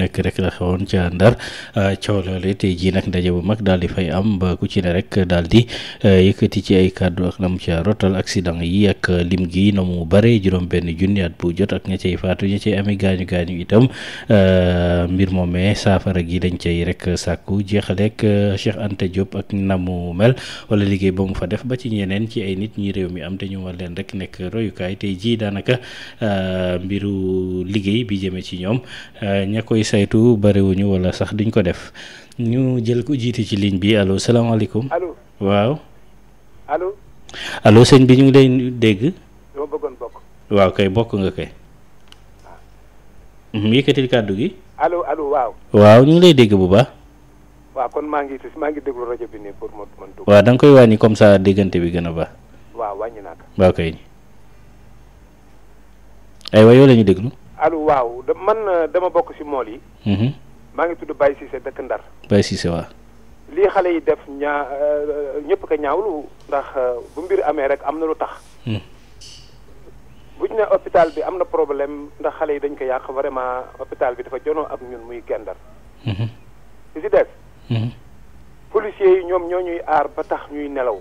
nekk rek la xewoon ca Ndar coow tey jii nag ndaje bu mag daal di fay am ba ku ci ne rek daal di eh, yëkkati ci ay kàddu ak la mu ca rotal accident yi ak lim gi na mu bare juróom benn junni at jot ak ña cay faatu ña cay amee gaañu gaañu itam eh, mbir moomee saafara gi dañ cay rek sàkku jeexaleeg eh, Cheikh Anta Diop ak na mu mel wala liggéey ba mu fa def ba ci ñeneen ci ay nit ñi réew mi am te ñu war leen rek nekk royukaay tey jii daanaka mbiru liggéey bi jëmee ci ñoom ña koy saytu bariwuñu walla sax duñ ko def ñu jël ko jiite ci ligne bi allo salaamaaleykum. allo waaw. allo. allo bi ñu ngi lay dégg. dama bokk. waaw kay bokk nga kay. Ah. Mhm, yëkkatil kàddu gi. allo allo waaw. ñu ngi lay dégg bu baax. waaw kon maa ngi maa ngi déglu rajo bi pour ma mën dugg. waaw da koy wàññi comme ça déggante bi gën a baax. waaw wàññi naa ko. waaw kay. aywa yow la déglu. allo waaw da man euh, dama bokk si mool yi. Mhm. maa ngi tudd Baye Cissé dëkk Ndar. Baye Cissé waaw. lii xale yi def ñaa euh, ñëpp ko ñaawlu ndax euh, bu mbir amee rek am na lu tax. Mhm. bu ñu ne hôpital bi am na problème ndax xale yi dañ ko yàq vraiment hôpital bi dafa jonoo ak ñun muy gandar mhm. li si des policiers yi ñoom ñoo ñuy aar ba tax ñuy nelaw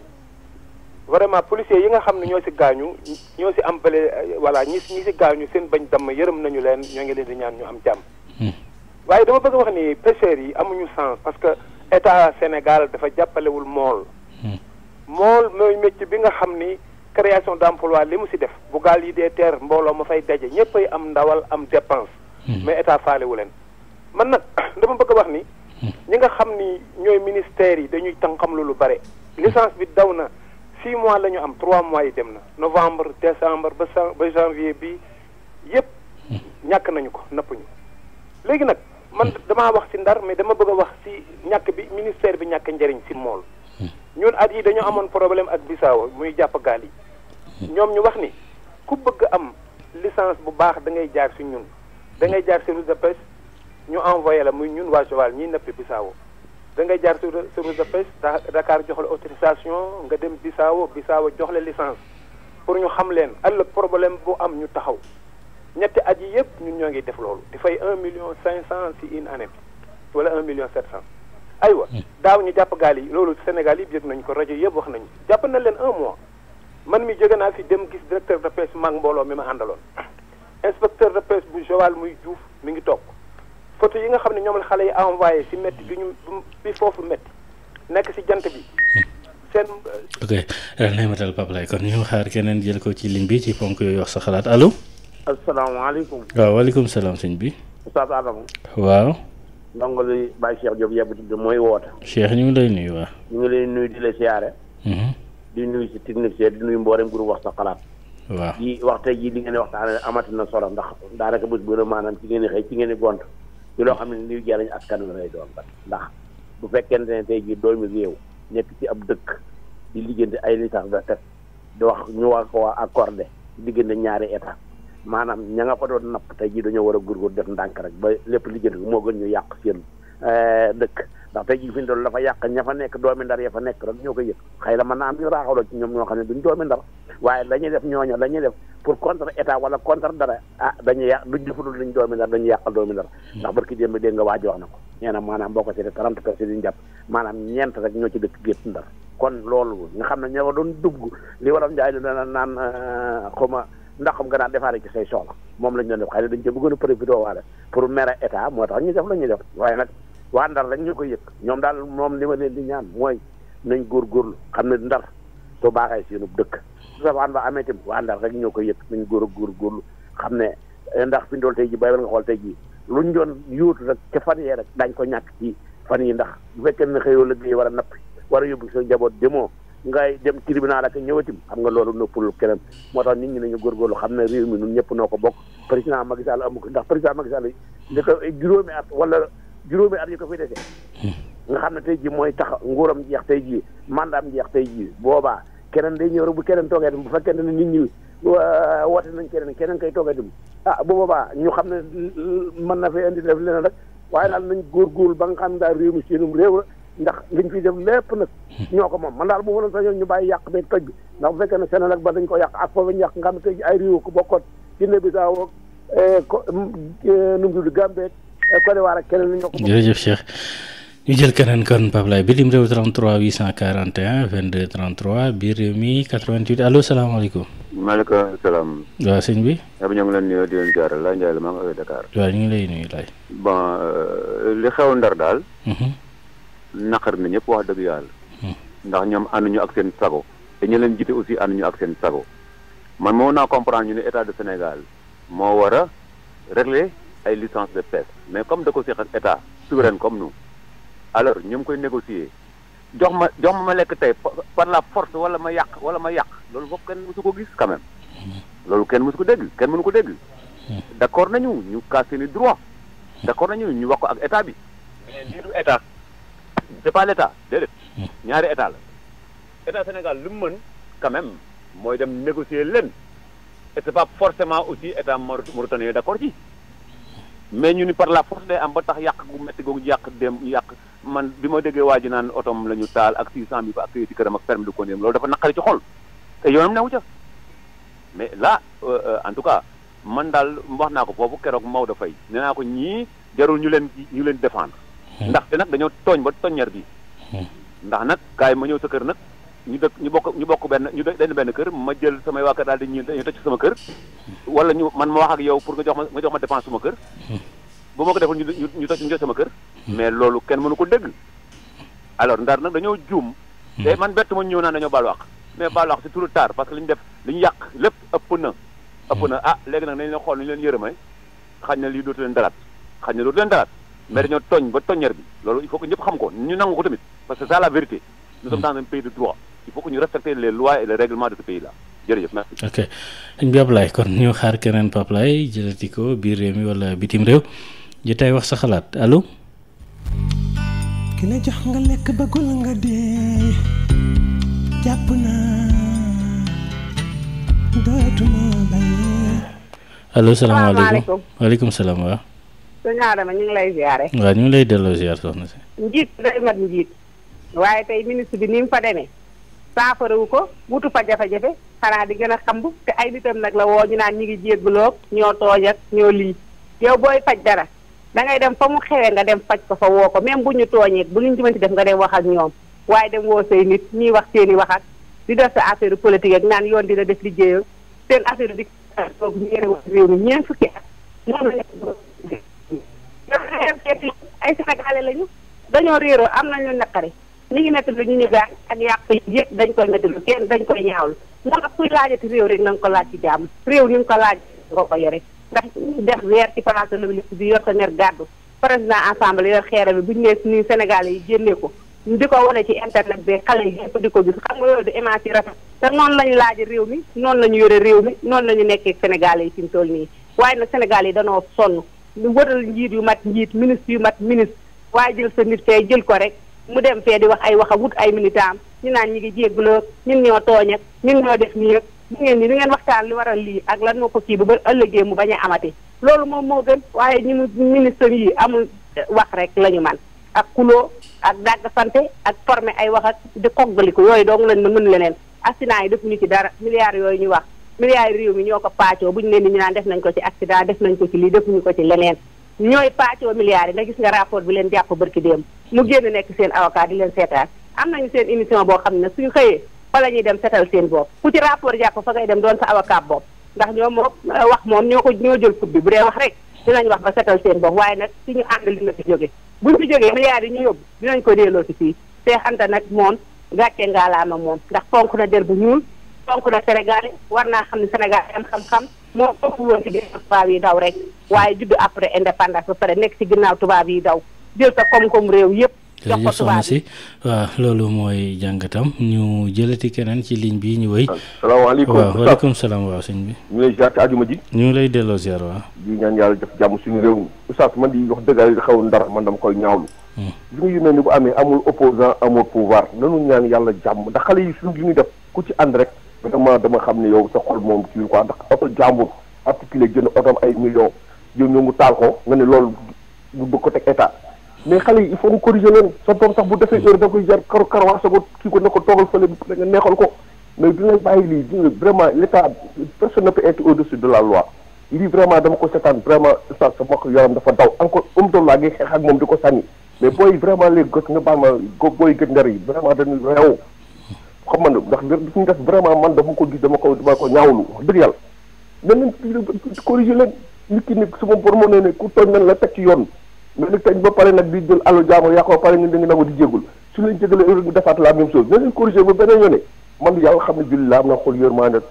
vraiment policier yi nga xam ne ñoo ci gaañu ñoo si am bële voilà ñi ñi si gaañu seen bañ damm yërëm nañu leen ñoo ngi leen di ñaan ñu am jàmm. Hmm. waaye dama bëgg wax ni pêcheurs yi amuñu sens parce que état Sénégal dafa jàppalewul mool. Hmm. mool mooy métier bi nga xam ni création d'emploi li mu si def bu gaal yi dee teer mbooloo ma fay daje ñëpp ay am ndawal am dépense. Hmm. mais état faalewu leen. man nag dama bëgg a wax ni. ñi nga xam ni ñooy ministères yi dañuy tànqam lu lu bare. licence bi daw na. six mois la ñu am trois mois yi dem na novembre décembre ba ba janvier bi yëpp ñàkk nañu ko napp ñu léegi nag man damaa wax ci ndar mais dama bëgg a wax ci ñàkk bi ministère bi ñàkk njëriñ ci mool ñun at yi dañoo amoon problème ak Bissau muy jàpp gaal yi ñoom ñu wax ni ku bëgg am licence bu baax da ngay jaar ci ñun da ngay jaar ci route de ñu envoyé la muy ñun waa Joal ñiy nappi Bissau da ngay jaar sur sur route de pêche Dakar jox la autorisation nga dem Bissau Bissau jox la licence pour ñu xam leen ëllëg problème bu am ñu taxaw ñetti at yi yëpp ñun ñoo ngi def loolu di fay un million cinq cent si une année wala un million sept cent aywa hmm. daaw ñu jàpp gaal yi loolu Sénégal yi yëg nañ ko rajo yëpp wax nañu jàpp na leen un mois man mi jóge naa fi dem gis directeur de pes mag mbooloo mi ma àndaloon inspecteur de pêche bu jogal muy Diouf mi ngi toog photo yi nga xam ne ñoom la xale yi envoyé si métti bi ñu bi foofu métti nekk ci jant bi. seen. Euh, ok naymatal euh, Pape Lay kon ñu xaar keneen jël ko ci lim bi ci ponk yooyu wax sa xalaat allo. asalaamaaleykum. waaw waaleykum salaam sëñ bi. Oustaz Adama. waaw. ndongo li Baye Cheikh Diop yebbu tudd ñu ngi lay nuyu waa. ñu ngi lay nuyu di la siyaare. Mhm. di nuyu si technicien di nuyu mboolem groupe wax sa xalaat. waaw di wax tey jii li ngeen di waxtaanee amati na solo ndax daanaka bés bu ne maanaam ci ngeen di xëy ci ngeen gont. ci loo xam ne luy jëriñ askan wi lay doon ndax bu fekkente ne tey jii doomi réew nekk ci ab dëkk di liggéeyante ay licence de pêche di wax ñu war ko waa accordé diggante ñaari état maanaam ña nga fa doon napp tey jii dañoo war a def ndànk rek ba lépp liggéeyante moo gën ñu yàq seen euh, dëkk ndax tey jii fi ñu doon la fa yàq ña fa nekk doomi ndar ya fa nekk rek ñoo ko yëg xëy la ma naa am ñu raaxaloo ci ñoom ñoo xam ne duñ doomi ndar waaye la def ñooñu la def pour contre état wala contre dara ah dañuy yàq duñ defalul luñ doomi ndar dañuy yàqal doomi ndar hmm. ndax barki démb dégg nga waa ji wax na ko nee na maanaam boo ko seetee trente personnes yi ñu maanaam ñeent rek ñoo ci dëkk gétt ndar kon loolu nga xam ne ñoo doon dugg li waral njaay di dana naan euh, xuma ndax xam nga naan defaare ci say soxla moom lañ doon def xëy na dañ cee bëggoon a profité waale pour moo tax ñu def la ñuy def waaye nag waa ndar rek ñu yëg ñoom daal moom li ma leen di ñaan mooy nañ góorgóorlu xam ne ndar to baaxee seenub dëkk su safaan ba amee tamit waa Ndar rek ñoo ko yëg nañ góor a góor góorlu xam ne eh, ndax fi ñu doon tey ji bay nga xool tey ji luñ doon yóotu rek fan yee rek daañ ko ñàkk ci fan yi ndax bu fekkee na xëyoo liggéey war a napp war a yóbbu sa njaboot demoo ngay dem tribunal ak ñëwatim xam nga loolu noppul keneen moo tax nit ñi nañu góorgóorlu xam ne réew mi ñun ñëpp noo ko bokk président Macky Sall amu ko ndax président Macky Sall li ko juróomi at wala juróomi at yi ko fi nga xam ne tey jii mooy tax nguuram jeex tey jii mandaam jeex tey jii boobaa keneen day ñëw rek bu keneen toogee itam bu fekkente ne nit ñi woote nañ keneen keneen koy toogee itam ah bu boobaa ñu xam ne mën na fee indi def leneen rek waaye daal nañ góorgóorlu ba nga xam ne daal réew mi seenum réew la ndax liñ fiy def lépp nag ñoo ko moom man daal bu ma doon ñu bàyyi yàq beeg toj bi ndax fekkee ne Sénégal ba dañ ko yàq ak foofu ñu yàq nga xam ne tey jii ay réew ko bokkoon Guinée eh, ko eh, nu mu tudd Gambie eh, Côte d'Ivoire ak keneen ñu jël keneen kon Pape Laye bitim réew 33 841 22 33 biir réew mi 88 allo salaamaaleykum. maaleykum salaam. waaw sëñ bi. yow ñu ngi leen di nuyu di leen jaarale Laye Ndiaye la maa ngi koy Dakar. waaw ñu ngi lay nuyu Laye. bon euh, li xew ndar daal. Mhm. naqar na ñëpp wax dëgg yàlla. Mhm. ndax ñoom ànduñu ak seen sago. te ñu leen jiite aussi ñu ak seen sago. man moo naa comprendre ñu ne état de Sénégal moo war a régler ay licence de mais comme da ko seqal état souverain comme alors ñu ngi koy négocier jox ma jox ma ma lekk tey par la force wala ma yàq wala ma yàq loolu foofu kenn mosu ko gis quand loolu kenn mësu ko dégg kenn mënu ko dégg d' accord nañu ñu kaas seeni droit d' accord nañu ñu wax ko ak état bi mais lii du état c' est pas l' ñaari état la état Sénégal lu mën quand mooy dem négocier leen et forcement aussi état mauritanien d' accord ci mais ñu ni par la force day am ba tax yàq gu métti googu yàq dem yàq man bi ma déggee waa ji naan otom la ñu taal ak 600000 ba ak këyit këram ak permis de conduire loolu dafa naqari ci xol te yoonam newu ca mais là euh, euh, en tout cas man daal wax naa ko foofu keroog Maodo Faye nee naa ko ñii jarul ñu leen ñu leen défendre. Hmm. ndaxte nag dañoo tooñ ba toññar bi. Hmm. ndax nag kaay ma ñëw sa kër nag ñu dëkk ñu bokk ñu bokk benn ñu dañ benn kër ma jël samay waa daal di ñuy dañuy toj sama kër. Hmm. wala ñu man ma wax ak yow pour nga jox ma jox ma dépense suma kër. bu ma ko deful ñu ñu ñu toj sama kër. mais loolu kenn mënu ko dégg alors ndar nag dañoo juum hmm. te man bett ma ñëw naan dañoo baal mais baal wax c'est trop tard parce que li ñu def li ñu yàq lépp ëpp na ëpp na hmm. ah léegi nag nañu leen xool nañu leen yërëmay xañ na lii dootu leen dalaat xañ na dootu leen dalaat hmm. mais dañoo tooñ ba toññeer bi loolu il faut que ñëpp xam ko ñu nangu ko tamit parce que c'est ça la vérité nous sommes dans un pays de droit il faut que ñu respecter les lois et les règlements de ce pays là jërëjëf merci. ok sëñ bi Ablaye kon ñu xaar keneen Pape Laye jëlati ko biir réew mi wala wax sa xalaat allo. ki la jox nga lekk bëggul nga dee jàpp naa dootuma bàyyi. allo salaamaaleykum waaleykum salaam wa. sëñ Adama ñu ngi lay ziare. waaw ñu ngi lay delloo ziar soxna si. njiit day mat njiit waaye tey ministre bi ni mu fa demee saafarawu ko wutu fa jafe xanaa di gën a xamb te ay nitam nag la woo ñu naan ñi ngi jéegloog ñoo tooj ñoo lii yow booy faj dara. dangay dem fa mu xewee nga dem faj ko fa woo ko même bu ñu tooñee bu ñu jëmanti def nga dem wax ak ñoom waaye dem woo say nit ñuy wax seen i wax ak di def sa affaire politique ak naan yoon dina def liggéeyam seen affaire di toog ñu yore woon réew mi ñeent fukki at moom lañu ay sénégalais lañu dañoo réeroo am nañu naqari ñu ngi nettali ñu ñu gaañ ak yàq yëpp dañ koy nettali kenn dañ koy ñaawlu moo tax kuy laajati réew rek na ko laaj ci jàmm réew ni nga ko laaj nga ko yore ndax def weer ci place de bi yor sa ner gàddu président ensemble yor xeera bi bu ñu nee nii Sénégal yi génnee ko di ko wane ci internet bi xale yi yëpp di ko gis xam nga loolu du image yi rafet te noonu lañu laaj réew mi noonu la ñu yore réew mi noonu la ñu nekkee Sénégal yi fi mu toll nii waaye nag Sénégal yi danoo sonn lu wëral njiit yu mat njiit ministre yu mat ministre waaye jël sa nit fee jël ko rek mu dem fee di wax ay wax a wut ay militant ñu naan ñi ngi jégguloo ñun ñoo tooñ ak ñun ñoo def nii mu jigéen ñi di ngeen waxtaan li waral lii ak lan moo ko kii ba ba ëllëgee mu bañ a amati loolu moom moo gën waaye ñu ministre yi amul eh, wax rek la ñu man ak kuloo ak dàgg sante ak formé ay wax ak di koggaliku yooyu dong lañ mën mën leneen accident yi defuñu ci dara milliards yooyu ñu wax milliards réew mi ñoo ko paacoo bu ñu leen di ñu naan def nañ ko ci accident def nañ ko ci lii defuñu ko ci leneen ñooy paacoo milliards yi nga gis nga rapport bi leen jàpp barki démb mu génn nekk seen avocat di leen seetaan am nañu seen émission boo xam ne suñu xëyee fa la ñuy dem setal seen bopp ku ci rapport jàpp fa ngay dem doon sa avocat bopp ndax ñoom moom euh, wax moom ñoo ko ñoo jël coupe bi bu dee wax rek dinañ wax ba setal seen bopp waaye nag ci ñu ànd li na fi jóge buñ fi jógee milliards yi ñu yóbbu dinañ ko delloo si fii Seex Anta nag moom gàcce ngaalaama moom ndax fonk na der bu ñuul fonk na Sénégal war naa xam ne Sénégal am xam-xam moom foofu woon ci ginnaaw tubaab yi daw rek waaye judd après indépendance ba nekk ci ginnaaw tubaab yi daw jël sa koom réew yëpp jërëjëf soxna si loolu mooy jàngatam ñu jëlati keneen ci ligne bi ñu wéy. salaamaaleykum waaw waaleykum salaam waaw sëñ bi. ñu lay ziar te àjjuma ji. ñu ngi lay delloo ziar waaw. di ñaan yàlla def jàmm suñu réew mi. oustaz man di wax dëgga yàlla xaw man dama koy ñaawlu. li hmm. nga yónnee ni bu amee amul opposant amul pouvoir nanu ñaan yàlla jàmm ndax xale yi suñu li ñuy def ku ci ànd rek. vraiment dama xam ne yow sa xol moom kii quoi ndax oto jàmbur articulé jënd otoom ay millions yow ñoo mu taal ko nga ne loolu bu ko teg état mais xale yi il faut nga corriger leen sa doom sax bu defee heure da koy jar kar karwaase ko kii ko ne ko toogal fële da nga neexal ko mais dinañ bàyyi lii di nga vraiment l'état personne ne peut être au-dessus de la loi lii vraiment dama ko seetaan vraiment sa sama yaram dafa daw encore um doon laa ngi xeex ak moom di ko sànni mais booy vraiment léegi gët nga baal ma booy gët ngar yi vraiment dañu reew xam man ndax ko gis dama ko dama ko ñaawlu wax dëgg yàlla na leen corriger leen nit ki ne suma bormo ne ne ku tooñ nan yoon mais nag tey ba pare nag di jël alal jaamu yaa ko pare ñun dañu nangu di jéggul su leen jégalee heure ñu defaat la même chose na leen corrigé ba beneen yoon man yàlla xam ne julli am na xool yërmande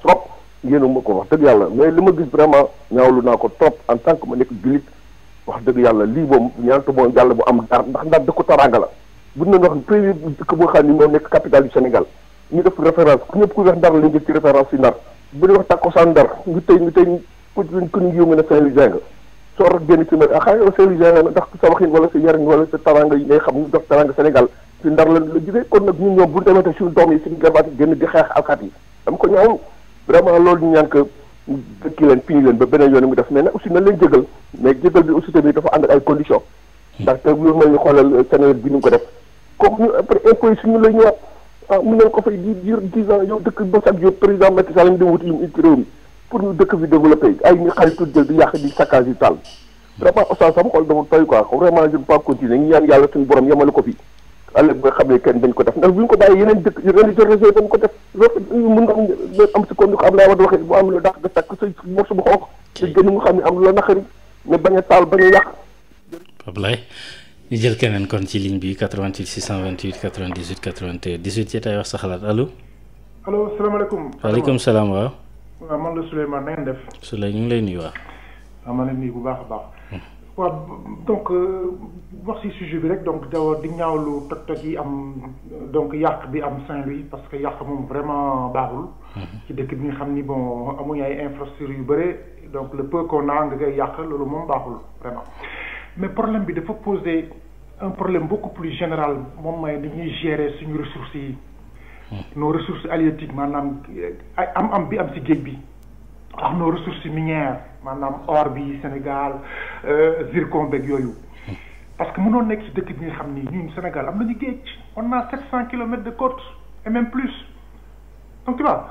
ma ko wax dëgg mais li ma gis vraiment ñaawlu naa ko trop en tant wax dëgg yàlla lii moom ñaanta moom yàlla bu am dar ndax ndax dëkku taranga la buñ nañ wax premier dëkk boo xam ne moo nekk capitale du Sénégal ñu def référence ku ñëpp ku weex ndar lañu jël ci référence yi ndar bu ne soor génn ci mën ah, ndax sa waxin wala sa yarin wala sa taranga yi ngay xam ñu jox taranga Sénégal ci ndar la la jugee kon nag ñun ñoom bu ñu demee te suñu doom yi suñu garbaat yi génn di xeex alkaat yi dama ko ñaawlu vraiment loolu ñu dëkki leen piñu leen ba beneen yoon mu def mais nag aussi na leen jégal mais jégal bi aussi tamit dafa ànd ak ay conditions ndax te loolu mooy ñu xoolal Sénégal bi ñu ko def comme ñu après impôt yi suñu la ñëwaat ah mun nañ ko fay pour ñu dëkk bi développé ay ñu xaritu jël di yàq di saccage yi taal vraiment pas continuer ñu ñaan yàlla suñu ko fi àll bi nga xam ko def ndax bu ñu ko am si kon ni ko am la naqari ne bañ taal bañ a yàq Ablaye ñu jël keneen kon ci ligne bi 88 628 98 81 18 ci tay wax sa xalaat allo allo salaamaaleykum waaleykum salaam waaw waaw man la Souleymane na ngeen def. Souley ñu ngi lay nuyuwaat. waaw ah, ma leen nuyu bu baax a baax. Hmm. waaw donc euh, wax si sujet bi rek donc daw di ñaaw lu toj-toj yi am donc yàq bi am Saint-Louis parce que yàq moom vraiment baaxul. Hmm. ci dëkk bi nga xam ni bon amuñu ay infrastructures yu bëre donc le peu qu'on a nga koy yàq loolu moom baaxul vraiment mais problème bi dafa poser un problème beaucoup plus général moom mooy ni ñuy gérer suñu ressources yi. nos ressources halieutiques maanaam am am bi am si géej bi ak nos ressources minières maanaam or bi Sénégal euh, zircon beeg yooyu parce que mënoon nekk si dëkk bi nga xam ni ñun Sénégal am nañu géej on a sept cent kilomètres de côte et même plus donc tu vois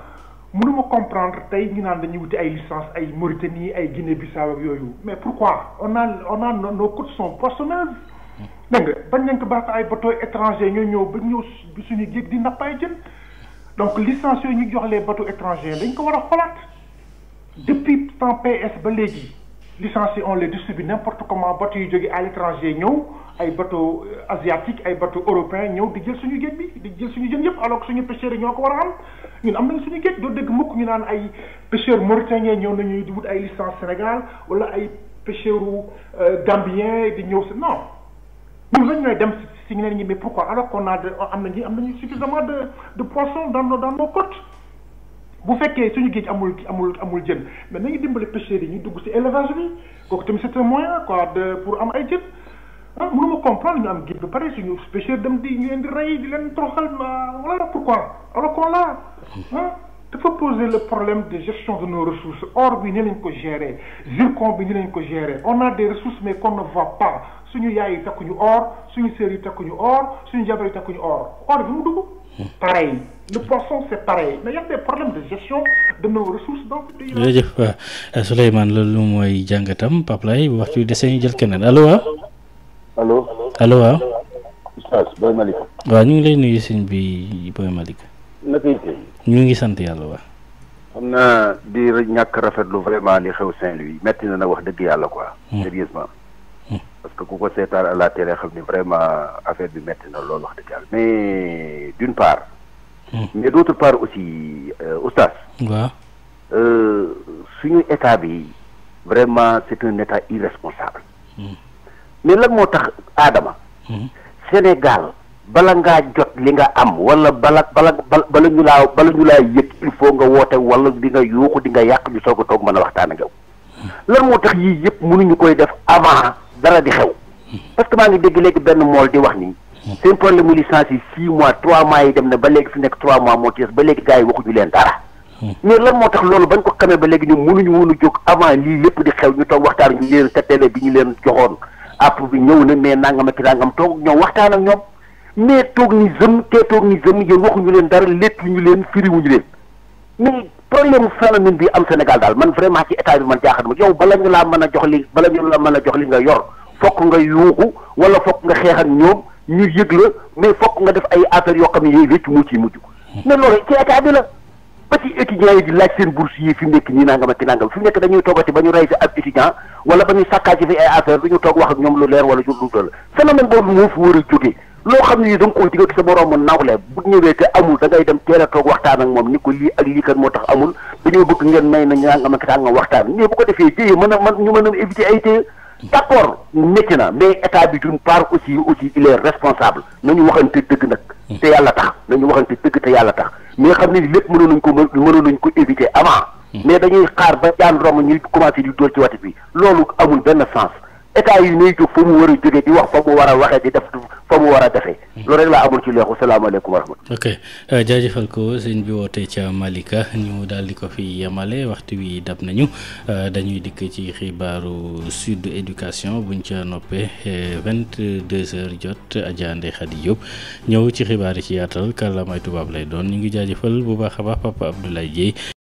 mënuma comprendre tey ñu naan dañuy wuti ay licence ay nii ay Guinée-Bissau ak yooyu mais pourquoi on a on a nos côtes sont poissonneuses dégg nga bañ nañ ko baax ay bateau étranger ñoo ñëw ba ñëw suñu géej di nappaay jën donc licence yooyu ñu jox les bateaux étrangers dañ ko war a xolaat depuis temps PS ba léegi licenciés on les distribue n'importe comment bateau yu jóge à l'étranger ñëw ay bateau euh, asiatique ay bateau européen ñëw di jël suñu géej bi di jël suñu jën yëpp alors suñu pêcheurs ñoo ko war a am ñun am nañ suñu géej doo dégg mukk ñu naan ay pêcheurs mauritanien ñëw nañu di wut ay licence Sénégal wala ay pêcheurs euh, gambien di ñëw si non ñun lañ ñooy dem si ñu leen ñi mais pourquoi alors qu'on a de am nañu am nañu suffisamment de de poissons dans nos dans bu fekkee suñu géej amul amul amul jën na ñu dimbale pêcheurs yi ñu dugg si élevage ko kooku tamit c'est un moyen quoi de pour am ay jën ah mënu ma comprendre ñu am géej ba pare suñu pêcheurs dem di ñu leen di rey di leen toroxal voilà pourquoi alors qu'on l'a dafa poser le problème de gestion de nos ressources or bi ni lañ ko gérer zircon bi ni lañ ko gérer on a des ressources mais qu'on ne voit pas suñu yaay yi takkuñu or suñu sœur yi takkuñu or suñu jabar yi takkuñu or or bi mu dugg. pareil le poisson c'est pareil mais y a des de gestion de nos ressources dans ce pays. jërëjëf euh, loolu mooy jàngatam Pape Laye waxtu dese ñu jël keneen allo waaw. Ah? allo allo waaw. Ah? Oustaz Boy Malick. waaw ñu ngi lay nuyu sëñ bi ñu ngi sant yàlla waa xam naa di ñàkk rafetlu vraiment li xew Saint-Louis metti na na wax dëgg yàlla quoi. Hmm. sérieusement hmm. parce que ku ko seetaan la télé xam ni vraiment affaire bi metti na loolu wax dëgg yàlla mais d'une part. Hmm. mais d'autre part aussi euh, oustaz. waaw euh, suñu état bi vraiment c'est un état irresponsable. mais lan moo tax Adama. Sénégal. bala ngaa jot li nga am wala bala bala bala ñu laa bala ñu laa yëg il faut nga woote wala di nga yuuxu di nga yàq ñu soog a toog mën a waxtaan ak yow lan moo tax yii yëpp mënuñu koy def avant dara di xew parce ngi dégg léegi benn mool di wax nii seen problème mu licence mois trois mois yi dem ba léegi fi nekk trois mois moo ci des ba léegi gars yi moo tax loolu bañ ko xamee ba léegi ñu mënuñu woon a jóg avant lii lépp di xew ñu toog waxtaan ñu leen te bi ñu leen joxoon app bi ñëw na mais nangam ak nangam toog ñoom waxtaan ak ñoom mais toog ni zëm te toog ni zëm yéen waxuñu leen dara léttuñu leen firiwuñu leen mais problème phénomène bi am Sénégal daal man vraiment ci état bi man jaaxal ma yow bala ñu laa mën a jox li bala ñu laa a jox li nga yor fokk nga yuuxu wala fokk nga xeex ak ñoom ñu yëg la mais fokk nga def ay affaires yoo xam ne yooyu wécc mujj mais loolu ci état bi la ba ci étudiants yi di laaj seen bourse yi fi mu nekk nii nangam ak nangam fi nekk dañuy toogati ba ñu rey fi ab étudiant toog wax ñoom lu leer wala ju lu la phénomène boobu moo fi loo xam ni nii da nga koo digal sa nawle bu ñëwee te amul da dem teel a waxtaan ak moom ni ko lii ak lii kat moo tax amul dañoo may na ñaanga ma nga waxtaan mais bu ko defee jéye a mën ñu mën a éviter ay téye d'accord métti na mais état bi d'une part aussi aussi il est responsable nañu waxante dëgg nag mm. te yàlla tax nañu waxante dëgg te yàlla tax mais xam ni lépp mënoon nañ ko mënoon nañ ko éviter avant mm. mais dañuy xaar ba jaan romb ñuy commencé di dóor ci wati bi loolu amul benn sens état yi ñuy jóg fa mu war a jógee di wax fa mu war a waxee di a defee. loolu rek laa amul ci leexu salaamaaleykum wa rahmatulah. ok euh, jaajëfal ko sëñ bi woote ca Malika ñu daal di ko fi yemale waxtu wi dab nañu euh, dañuy dikk ci xibaaru sud éducation buñ ca noppee euh, vingt deux heures jot Adja Ndeye Khady ñëw ci xibaar yi ci yaatal kàllaamay tubaab lay doon ñu ngi jaajëfal bu baax a baax Papa Abdoulaye Dieye.